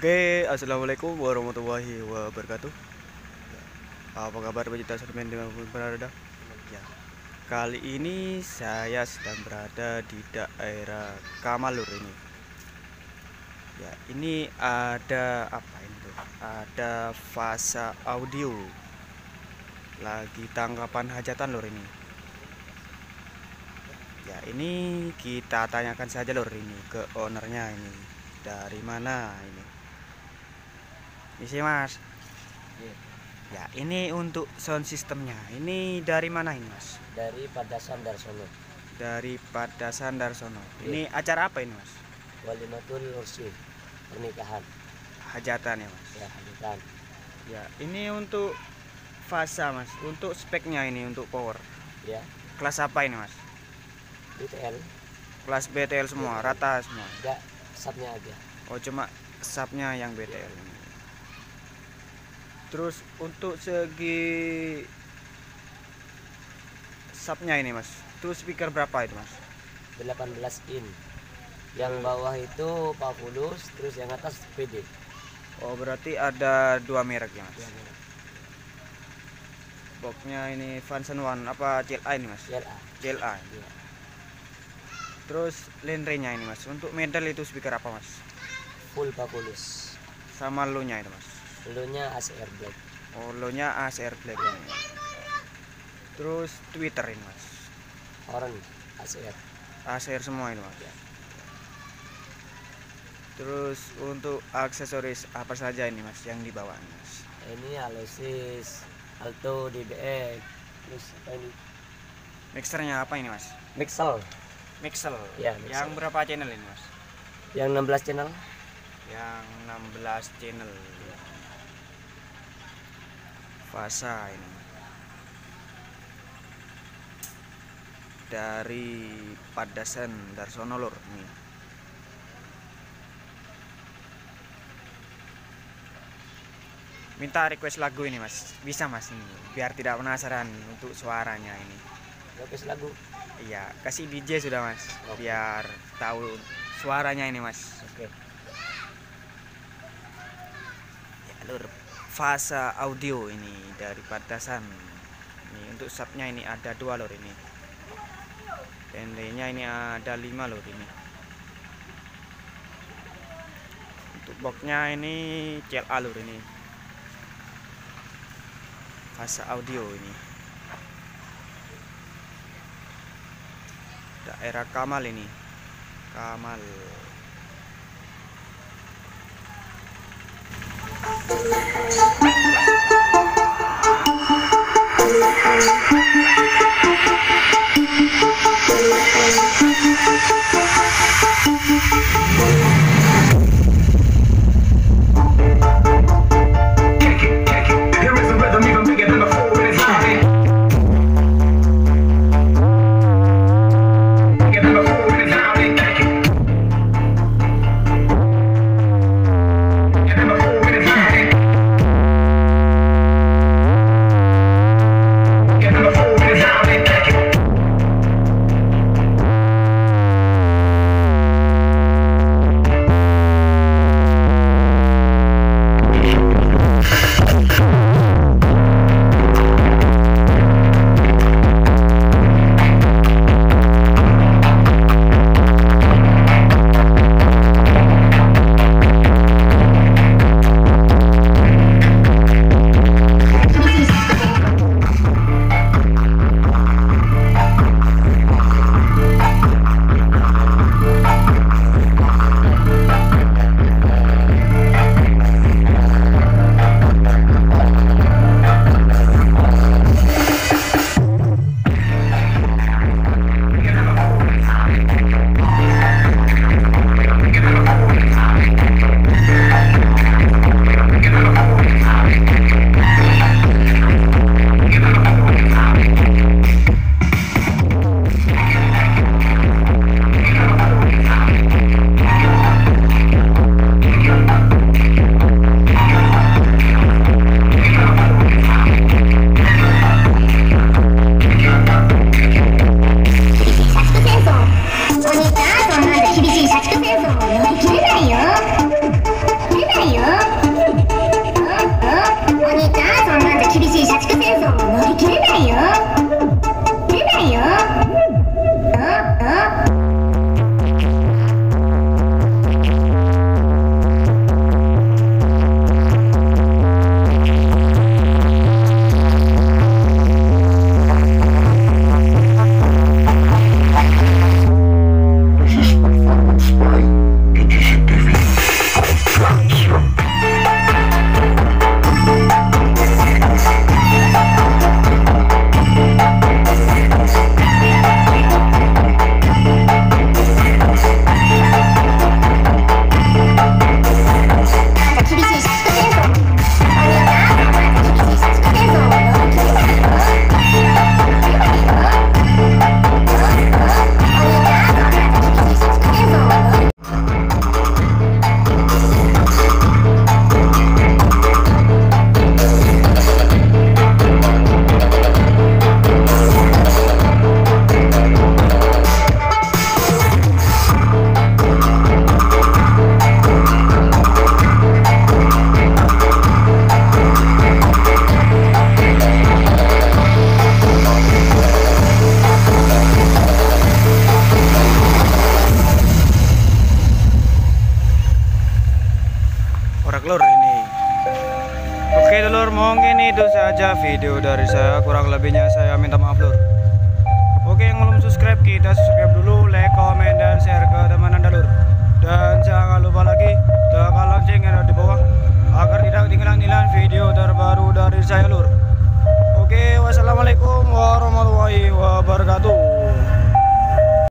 Oke, assalamualaikum warahmatullahi wabarakatuh. Apa kabar pecinta sermen dengan berada? Ya, kali ini saya sedang berada di daerah Kamalur ini. Ya, ini ada apa itu? Ada fase audio. Lagi tangkapan hajatan lur ini. Ya, ini kita tanyakan saja lur ini ke ownernya ini. Dari mana ini? Isi iya, mas. Ya ini untuk sound sistemnya. Ini dari mana ini mas? Dari sandar solo. Dari pada Sandar Yeah. Ini acara apa ini mas? Walimatul Ursi pernikahan. Hajatan ya mas. Ya hajatan. Ya ini untuk fasa mas. Untuk speknya ini untuk power. Ya. Kelas apa ini mas? BTL. Kelas BTL semua, BTL. rata semua. Enggak, Sapnya aja. Oh cuma sapnya yang BTL. Ya terus untuk segi subnya ini mas terus speaker berapa itu mas 18 in yang bawah itu 40 terus yang atas PD oh berarti ada dua merek ya mas dua merek. boxnya ini Vanson One apa CLA ini mas CLA CLA ya. terus lenrenya ini mas untuk medal itu speaker apa mas full 40 sama lunya nya itu mas lo nya ACR Black oh lo nya ACR Black ya. terus Twitterin mas orang ACR ACR semua ini mas ya. terus untuk aksesoris apa saja ini mas yang dibawa mas ini Alesis Alto DBX terus apa ini mixernya apa ini mas Mixel Mixel ya mixel. yang berapa channel ini mas yang 16 channel yang 16 channel fasa ini dari Padasan Darsono Lur ini. Minta request lagu ini mas, bisa mas ini, biar tidak penasaran untuk suaranya ini. Request lagu? Iya, kasih DJ sudah mas, okay. biar tahu suaranya ini mas. Oke. Okay. Ya lur, fase audio ini dari batasan ini untuk subnya ini ada dua lor ini pendeknya ini ada lima lor ini untuk boxnya ini cel alur ini fase audio ini daerah Kamal ini Kamal Thank you. itu saja video dari saya kurang lebihnya saya minta maaf lur oke yang belum subscribe kita subscribe dulu like comment